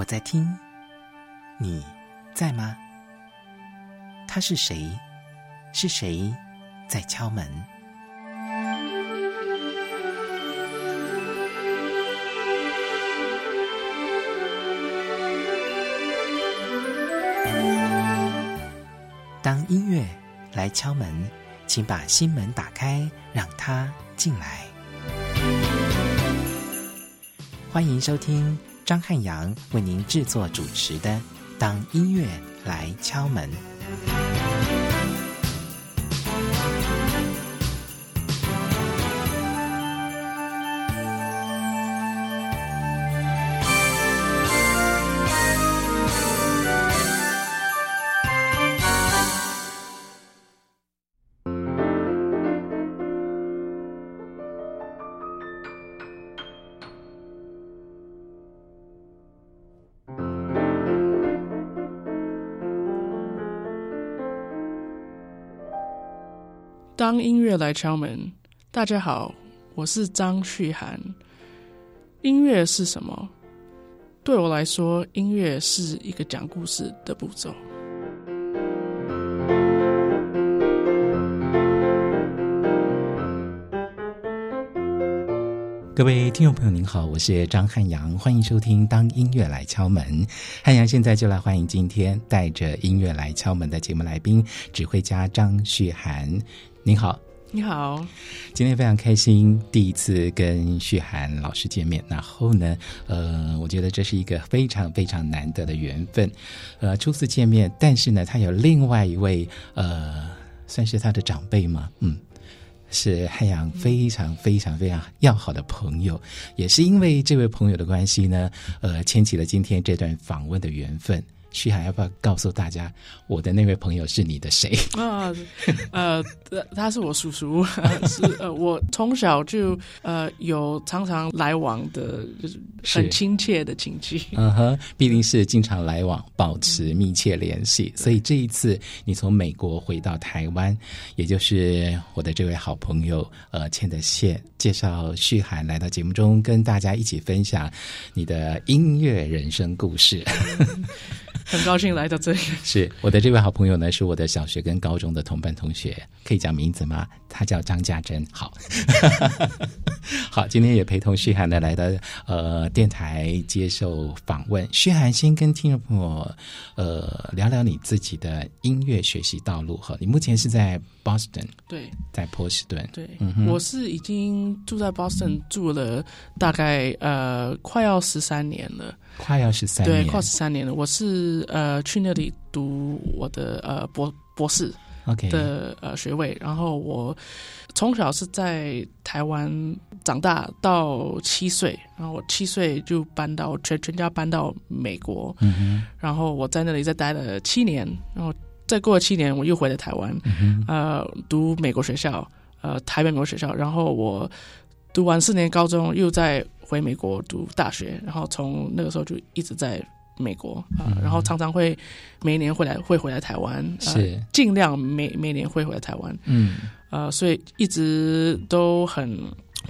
我在聽，你在嗎？他是誰？是誰在敲門？當音樂來敲門，請把心門打開，讓它進來。歡迎收聽。張漢陽為您製作主持的《當音樂來敲門》。當音樂來敲門，大家好，我是張絮涵。音樂是什麼？對我來說，音樂是一個講故事的步驟。各位聽眾朋友，您好，我是張漢陽，歡迎收聽《當音樂來敲門》。漢陽現在就來歡迎今天帶着音樂來敲門的節目來賓，指揮家張旭涵張絮涵。您好，你好，今天非常開心，第一次跟絮涵老師見面。然後呢，呃，我覺得這是一個非常非常難得的緣分，呃，初次見面，但是呢，他有另外一位呃，算是他的長輩嗎？嗯。是漢陽非常非常非常要好的朋友，也是因為這位朋友的關係呢，呃，牽起了今天這段訪問的緣分。絮涵，要不要告訴大家，我的那位朋友是你的誰？啊、哦，呃，他是我叔叔， 是呃，我從小就呃有常常來往的，就是很親切的親戚。嗯哼，必定是經常來往，保持密切聯繫。嗯、所以這一次你從美國回到台灣，也就是我的這位好朋友呃牽的線，介紹絮涵來到節目中，跟大家一起分享你的音樂人生故事。嗯很高興來到這裡。是我的這位好朋友呢，是我的小學跟高中的同班同學，可以講名字嗎？他叫張家禎。好， 好，今天也陪同絮涵的來到呃電台接受訪問。絮涵先跟聽眾朋友呃聊聊你自己的音樂學習道路，你目前是在 Boston 對，在波士頓。對，嗯、我是已經住在 Boston 住了大概呃、嗯、快要十三年了。快要十三年，對，跨十三年了。我是呃去那裡讀我的呃博博士的，OK 的呃學位。然後我從小是在台灣長大，到七歲，然後我七歲就搬到全全家搬到美國、嗯，然後我在那裡再待了七年，然後再過了七年我又回到台灣，嗯、呃，讀美國學校，呃，台北美國學校。然後我讀完四年高中，又在，回美國讀大學，然後從那個時候就一直在美國、嗯、啊，然後常常會每年回來，會回來台灣，是盡量，呃，每每年會回來台灣，嗯、呃，所以一直都很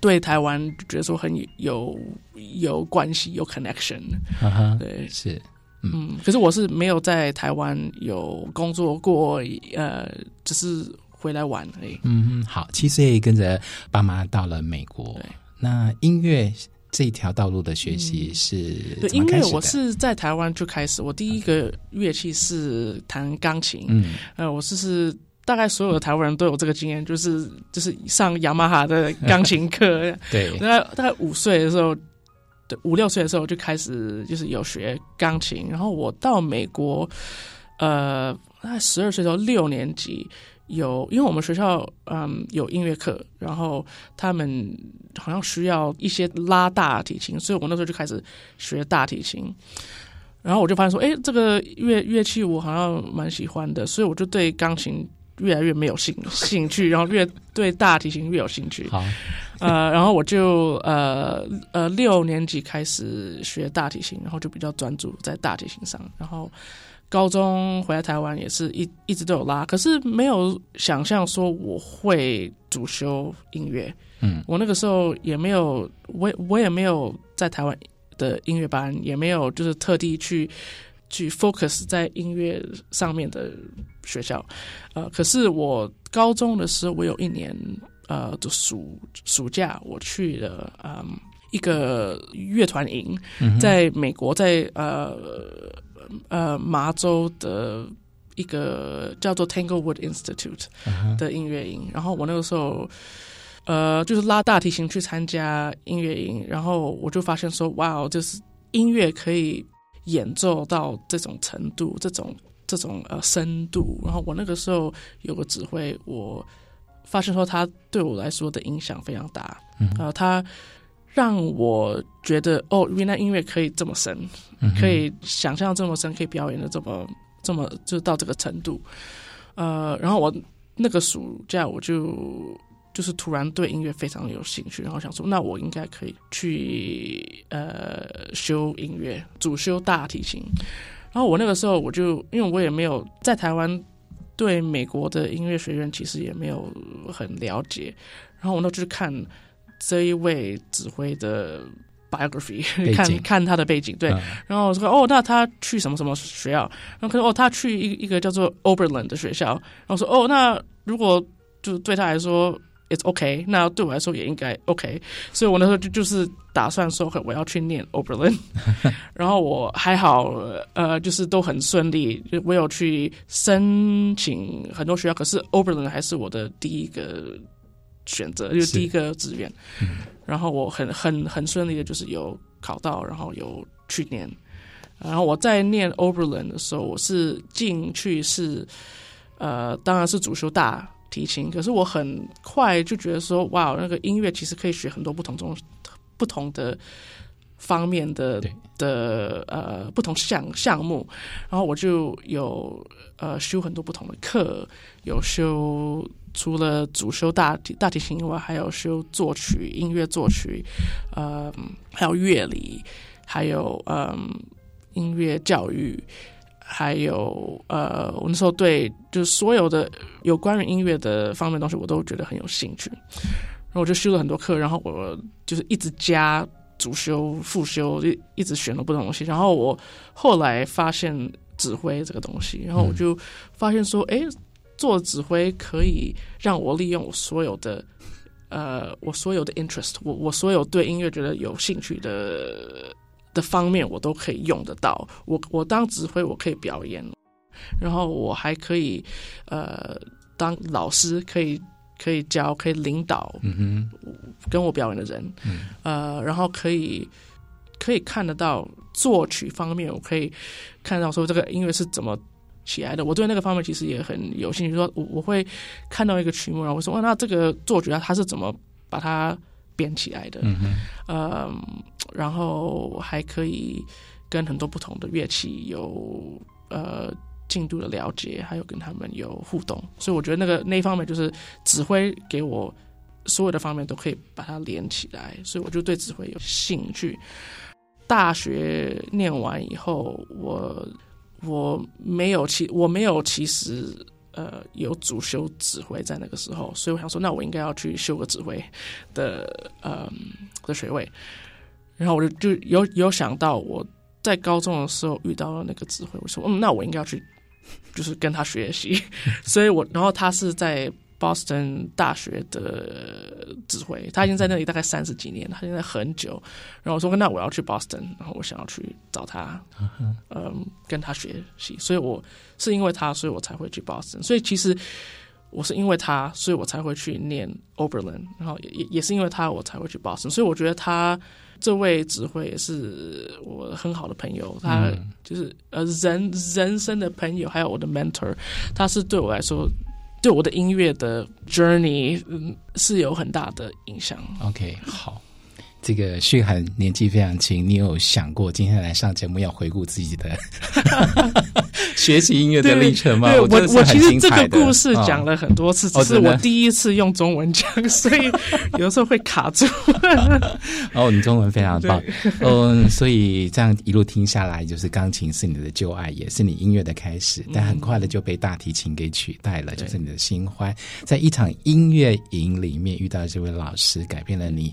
對台灣，覺得說很有有關係，有 connection，啊哈，對，是嗯，嗯，可是我是沒有在台灣有工作過，呃，只、就是回來玩而已。嗯嗯，好，七歲跟着爸媽到了美國，對、嗯，那音樂。這一條道路的學習是怎麼開始的？嗯、對，因為我是在台灣就開始，我第一個樂器是彈鋼琴。嗯，呃，我是是大概所有的台灣人都有這個經驗，就是就是上雅馬哈的鋼琴課。 對，大概大概五歲的時候，對五六歲的時候就開始就是有學鋼琴。然後我到美國，呃，大概十二歲的時候，六年級。有，因為我們學校嗯有音樂課，然後他們好像需要一些拉大提琴，所以我那時候就開始學大提琴。然後我就發現說，哎，這個樂樂器我好像蠻喜歡的，所以我就對鋼琴越來越沒有興興趣，然後越對大提琴越有興趣。好，呃，然後我就呃呃六年級開始學大提琴，然後就比較專注在大提琴上，然後。高中回來台灣也是一一直都有拉，可是沒有想象說我會主修音樂。嗯，我那個時候也沒有，我我也沒有在台灣的音樂班，也沒有就是特地去去 focus 在音樂上面的學校。呃，可是我高中的時候，我有一年，呃，就暑暑假，我去了，嗯，一個樂團營，嗯，在美國在，在呃。呃，麻州的一個叫做 Tanglewood Institute 的音樂營，uh-huh. 然後我那個時候呃就是拉大提琴去參加音樂營，然後我就發現說，哇哦，就是音樂可以演奏到這種程度，這種這種呃深度。然後我那個時候有個指揮，我發現說他對我來說的影響非常大，嗯然後他。讓我覺得哦，原來音樂可以這麼深，嗯，可以想象這麼深，可以表演的這麼這麼就到這個程度，呃，然後我那個暑假我就就是突然對音樂非常有興趣，然後想說，那我應該可以去呃修音樂，主修大提琴。然後我那個時候我就因為我也沒有在台灣對美國的音樂學院其實也沒有很了解，然後我那就去看。這一位指揮的 biography， 看看他的背景，對。嗯、然後我說哦，那他去什麼什麼學校？然後說哦，他去一一個叫做 Oberlin 的學校。然後說哦，那如果就對他來說 it's OK，那對我來說也應該 OK。所以我那時候就就是打算說我要去念 Oberlin。 然後我還好，呃，就是都很順利。就我有去申請很多學校，可是 Oberlin 還是我的第一個選擇就是第一個志願。嗯，然後我很很很順利的，就是有考到，然後有去念，然後我在念 Oberlin 的時候，我是進去是，呃，當然是主修大提琴，可是我很快就覺得說，哇，那個音樂其實可以學很多不同種不同的方面的的呃，不同項項目，然後我就有呃，修很多不同的課，有修。除了主修大提大提琴以外，還有修作曲、音樂作曲，嗯、呃，還有樂理，還有嗯、呃、音樂教育，還有呃，我那時候對就是所有的有關於音樂的方面的東西，我都覺得很有興趣。然後我就修了很多課，然後我就是一直加主修、副修，就一,一直選了不同的東西。然後我後來發現指揮這個東西，然後我就發現說，哎、嗯。誒做指揮可以讓我利用我所有的，呃，我所有的 interest，我我所有對音樂覺得有興趣的的方面，我都可以用得到。我我當指揮，我可以表演，然後我還可以呃當老師，可以可以教，可以領導跟我表演的人，mm -hmm. 呃，然後可以可以看得到作曲方面，我可以看得到說這個音樂是怎麼起來的，我對那個方面其實也很有興趣。就是、說我，我我會看到一個曲目，然後我說，那這個作曲家他是怎麼把它編起來的？嗯、呃、然後還可以跟很多不同的樂器有呃進度的了解，還有跟他們有互動。所以我覺得那個那一方面就是指揮給我所有的方面都可以把它連起來，所以我就對指揮有興趣。大學念完以後，我。我沒有其我沒有其實呃有主修指揮在那個時候，所以我想說，那我應該要去修個指揮的嗯、呃、的學位，然後我就就有有想到我在高中的時候遇到了那個指揮，我說嗯，那我應該要去就是跟他學習， 所以我然後他是在。Boston 大學的指揮，他已經在那裡大概三十幾年了，他現在很久。然後我說：“那我要去 Boston，然後我想要去找他，Uh-huh. 嗯，跟他學習。”所以，我是因為他，所以我才會去 Boston。所以，其實我是因為他，所以我才會去念 Oberlin。然後也，也也是因為他，我才會去 Boston。所以，我覺得他這位指揮也是我很好的朋友。他就是呃人、Uh-huh. 人生的朋友，還有我的 mentor。他是對我來說。對我的音樂的 journey 嗯是有很大的影響。OK，好。這個絮涵年紀非常輕，你有想過今天來上節目要回顧自己的 學習音樂的歷程嗎？對對我我其實這個故事講了很多次、哦，只是我第一次用中文講、哦，所以有時候會卡住。 哦，你中文非常棒，嗯，所以這樣一路聽下來，就是鋼琴是你的舊愛，也是你音樂的開始，但很快的就被大提琴給取代了，嗯、就是你的新歡。在一場音樂營裡面遇到這位老師，改變了你。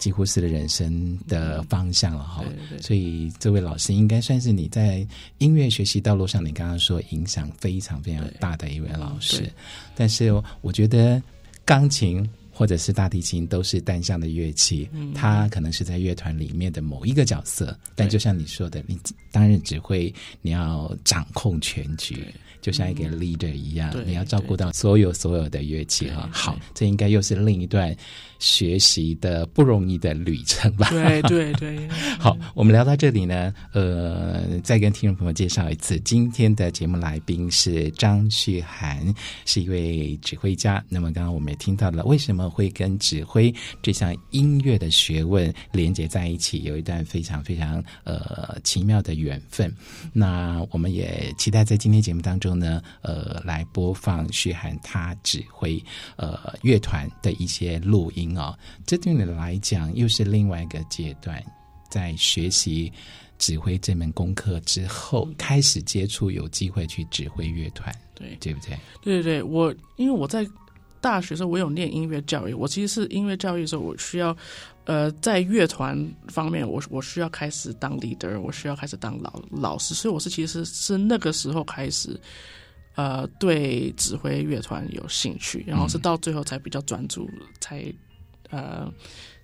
幾乎是人生的方向了哈。嗯，所以這位老師應該算是你在音樂學習道路上，你剛剛說影響非常非常大的一位老師。嗯、但是我覺得，鋼琴或者是大提琴都是單向的樂器，嗯，它可能是在樂團裡面的某一個角色。但就像你說的，你擔任指揮，你要掌控全局。就像一個 leader 一樣，嗯，你要照顧到所有所有的樂器哈。好，這應該又是另一段學習的不容易的旅程吧？對對對。對 好對對，我們聊到這裡呢，呃，再跟聽眾朋友介紹一次，今天的節目來賓是張絮涵，是一位指揮家。那麼剛剛我們也聽到了，為什麼會跟指揮這項音樂的學問連接在一起？有一段非常非常呃奇妙的緣分。那我們也期待在今天節目當中。呢，呃，來播放絮涵他指揮呃樂團的一些錄音啊。哦，這對你來講又是另外一個階段，在學習指揮這門功課之後，開始接觸有機會去指揮樂團，對，對不對？對對對，我因為我在。大學時候我有念音樂教育，我其實是音樂教育的時候我需要，呃，在樂團方面我，我我需要開始當 leader，我需要開始當老老師，所以我是其實是，是那個時候開始，呃，對指揮樂團有興趣，然後是到最後才比較專注，嗯、才呃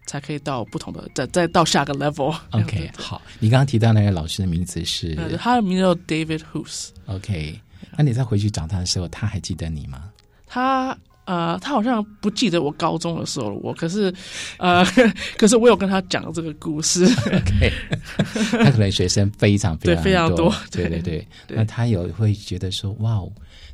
才可以到不同的再再到下個 level okay。OK，好，你剛剛提到那個老師的名字是他的名字叫 David Hoose OK，那你再回去找他的時候，他還記得你嗎？他。呃，他好像不記得我高中的時候了。我，可是，呃，可是我有跟他講這個故事。Okay, 他可能學生非常非常多，對，非常多，對對對。那他有會覺得說，哇，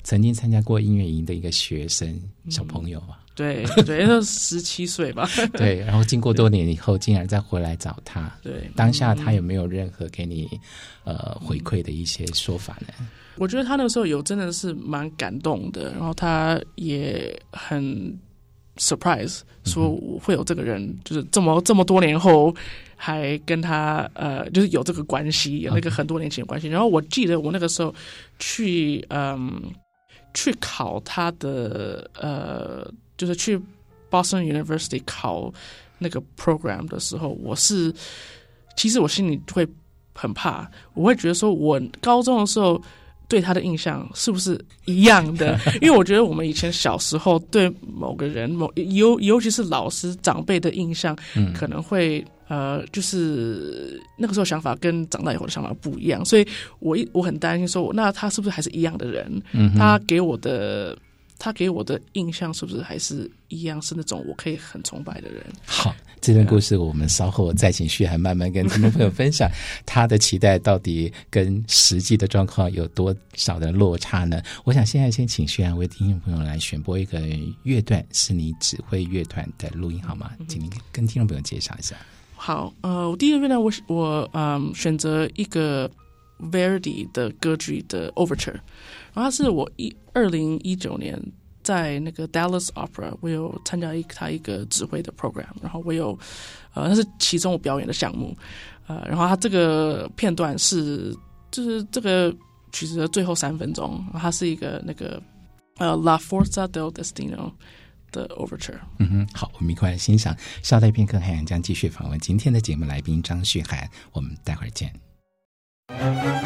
曾經參加過音樂營的一個學生小朋友啊、嗯，對對，都十七歲吧？ 對。然後經過多年以後，竟然再回來找他。對，當下他有沒有任何給你呃回饋的一些說法呢？我覺得他那個時候有真的是蠻感動的，然後他也很 surprise，說我會有這個人，就是這麼這麼多年後還跟他呃，就是有這個關係，有那個很多年前的關係。然後我記得我那個時候去嗯去考他的呃，就是去 Boston University 考那個 program 的時候，我是其實我心裡會很怕，我會覺得說我高中的時候，對他的印象是不是一樣的？ 因為我覺得我們以前小時候對某個人、某尤尤其是老師、長輩的印象，嗯、可能會呃，就是那個時候想法跟長大以後的想法不一樣，所以我一我很擔心說，那他是不是還是一樣的人？嗯、他給我的他給我的印象是不是還是一樣？是那種我可以很崇拜的人？好。這段故事我們稍後再請絮涵慢慢跟聽眾朋友分享，他的期待到底跟實際的狀況有多少的落差呢？我想現在先請絮涵、啊、為聽眾朋友來選播一個樂段，是你指揮樂團的錄音好嗎？請你跟聽眾朋友介紹一下。好，呃，我第一個樂段我是我嗯選擇一個 Verdi 的歌劇的 Overture，然後是我一二零一九年。在那個 Dallas Opera，我有參加一他一個指揮的 program，然後我有，呃，那是其中我表演的項目，呃，然後他這個片段是就是這個曲子的最後三分鐘，它是一個那個呃 La Forza del Destino 的 Overture。嗯哼，好，我們一塊來欣賞。稍待片刻，還將繼續訪問今天的節目來賓張絮涵。我們待會兒見。嗯